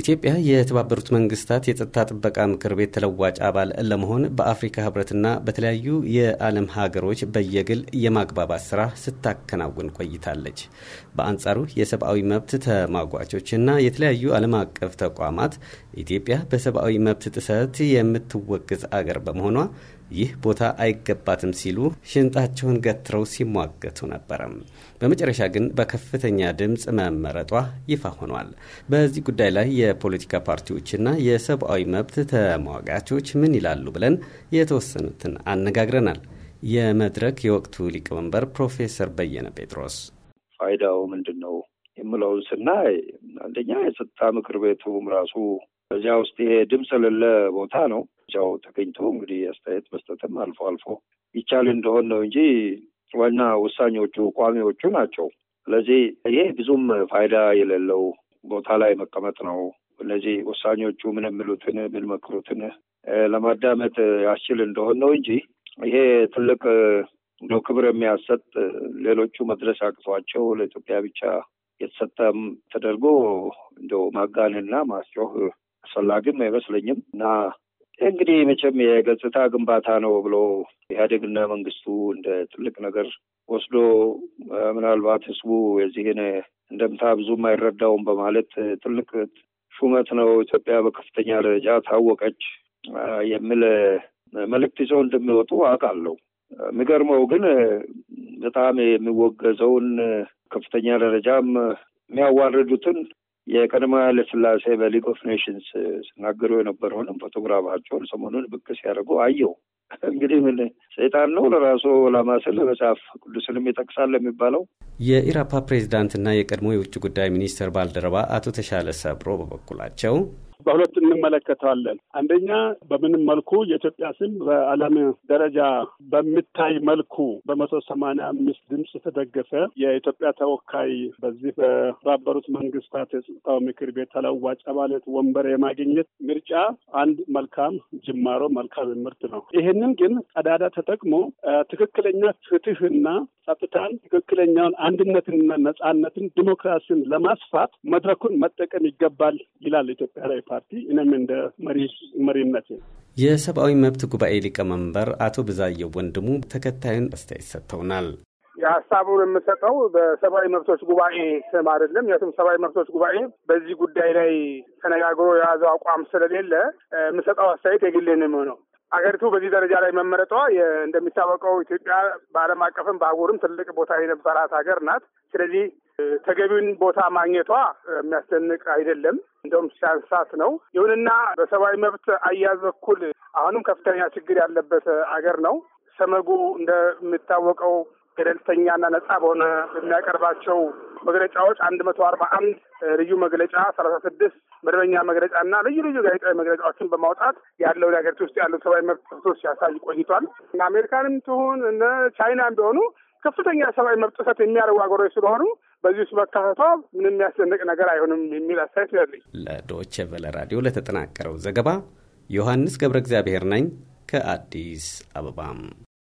ኢትዮጵያ የተባበሩት መንግስታት የጸጥታ ጥበቃ ምክር ቤት ተለዋጭ አባል ለመሆን በአፍሪካ ህብረትና በተለያዩ የዓለም ሀገሮች በየግል የማግባባት ስራ ስታከናውን ቆይታለች። በአንጻሩ የሰብአዊ መብት ተሟጋቾችና የተለያዩ ዓለም አቀፍ ተቋማት ኢትዮጵያ በሰብአዊ መብት ጥሰት የምትወግዝ አገር በመሆኗ ይህ ቦታ አይገባትም ሲሉ ሽንጣቸውን ገትረው ሲሟገቱ ነበረም። በመጨረሻ ግን በከፍተኛ ድምፅ መመረጧ ይፋ ሆኗል። በዚህ ጉዳይ ላይ የፖለቲካ ፓርቲዎችና የሰብአዊ መብት ተሟጋቾች ምን ይላሉ ብለን የተወሰኑትን አነጋግረናል። የመድረክ የወቅቱ ሊቀመንበር ፕሮፌሰር በየነ ጴጥሮስ ፋይዳው ምንድን ነው የምለውን ስናይ አንደኛ የጸጥታ ምክር ቤቱም ራሱ በዚያ ውስጥ ይሄ ድምፅ የሌለ ቦታ ነው። በየአቅጣጫው ተገኝቶ እንግዲህ አስተያየት መስጠትም አልፎ አልፎ ይቻል እንደሆን ነው እንጂ ዋና ወሳኞቹ ቋሚዎቹ ናቸው። ስለዚህ ይሄ ብዙም ፋይዳ የሌለው ቦታ ላይ መቀመጥ ነው። እነዚህ ውሳኞቹ ምን የሚሉትን ምን መክሩትን ለማዳመጥ ያስችል እንደሆን ነው እንጂ ይሄ ትልቅ እንደ ክብር የሚያሰጥ ሌሎቹ መድረስ አቅቷቸው ለኢትዮጵያ ብቻ የተሰጠም ተደርጎ እንደ ማጋንና ማስጮህ አስፈላጊም አይመስለኝም እና እንግዲህ መቼም የገጽታ ግንባታ ነው ብሎ ኢህአዴግና መንግስቱ እንደ ትልቅ ነገር ወስዶ ምናልባት ህዝቡ የዚህን እንደምታ ብዙም አይረዳውም በማለት ትልቅ ሹመት ነው፣ ኢትዮጵያ በከፍተኛ ደረጃ ታወቀች የሚል መልእክት ይዘው እንደሚወጡ አውቃለሁ። የሚገርመው ግን በጣም የሚወገዘውን ከፍተኛ ደረጃም የሚያዋርዱትን የቀድሞ ኃይለ በሊግ ኦፍ ኔሽንስ ሲናገሩ የነበረውንም ፎቶግራፋቸውን ሰሞኑን ብቅ ሲያደርጉ አየው እንግዲህ ምን ሰይጣን ነው ለራሱ ዓላማ ስል መጽሐፍ ቅዱስንም ይጠቅሳል የሚባለው። የኢራፓ ፕሬዚዳንትና የቀድሞ የውጭ ጉዳይ ሚኒስትር ባልደረባ አቶ ተሻለ ሰብሮ በበኩላቸው በሁለት እንመለከተዋለን። አንደኛ በምንም መልኩ የኢትዮጵያ ስም በዓለም ደረጃ በሚታይ መልኩ በመቶ ሰማንያ አምስት ድምፅ ተደገፈ። የኢትዮጵያ ተወካይ በዚህ በተባበሩት መንግስታት የጸጥታው ምክር ቤት ተለዋጭ አባላት ወንበር የማግኘት ምርጫ አንድ መልካም ጅማሮ፣ መልካም ምርት ነው። ይህንን ግን ቀዳዳ ተጠቅሞ ትክክለኛ ፍትህና ጸጥታን፣ ትክክለኛውን አንድነትንና ነጻነትን፣ ዲሞክራሲን ለማስፋት መድረኩን መጠቀም ይገባል ይላል ኢትዮጵያ ራዊ ፓርቲ። እኔም እንደ መሪ መሪነት የሰብአዊ መብት ጉባኤ ሊቀመንበር አቶ ብዛየው ወንድሙ ተከታዩን አስተያየት ሰጥተውናል። የሀሳቡን የምሰጠው በሰብአዊ መብቶች ጉባኤ ስም አይደለም። ያቱም ሰብአዊ መብቶች ጉባኤ በዚህ ጉዳይ ላይ ተነጋግሮ የያዘው አቋም ስለሌለ የምሰጠው አስተያየት የግሌንም ነው። ሀገሪቱ በዚህ ደረጃ ላይ መመረጧ እንደሚታወቀው ኢትዮጵያ በዓለም አቀፍም በአህጉርም ትልቅ ቦታ የነበራት ሀገር ናት። ስለዚህ ተገቢውን ቦታ ማግኘቷ የሚያስደንቅ አይደለም፣ እንደውም ሲያንሳት ነው። ይሁንና በሰብአዊ መብት አያያዝ በኩል አሁንም ከፍተኛ ችግር ያለበት አገር ነው። ሰመጉ እንደሚታወቀው ገለልተኛና ነጻ በሆነ በሚያቀርባቸው መግለጫዎች አንድ መቶ አርባ አንድ ልዩ መግለጫ ሰላሳ ስድስት መደበኛ መግለጫ እና ልዩ ልዩ ጋዜጣዊ መግለጫዎችን በማውጣት ያለውን ሀገሪቱ ውስጥ ያሉ ሰብአዊ መብት ጥሰቶች ሲያሳይ ቆይቷል። አሜሪካንም ትሁን እነ ቻይናም ቢሆኑ ከፍተኛ ሰብአዊ መብት ጥሰት የሚያደርጉ ሀገሮች ስለሆኑ በዚህ ውስጥ መካተቷ ምንም የሚያስደንቅ ነገር አይሆንም የሚል አስተያየት ያለኝ። ለዶች ቨለ ራዲዮ ለተጠናቀረው ዘገባ ዮሐንስ ገብረ እግዚአብሔር ነኝ ከአዲስ አበባም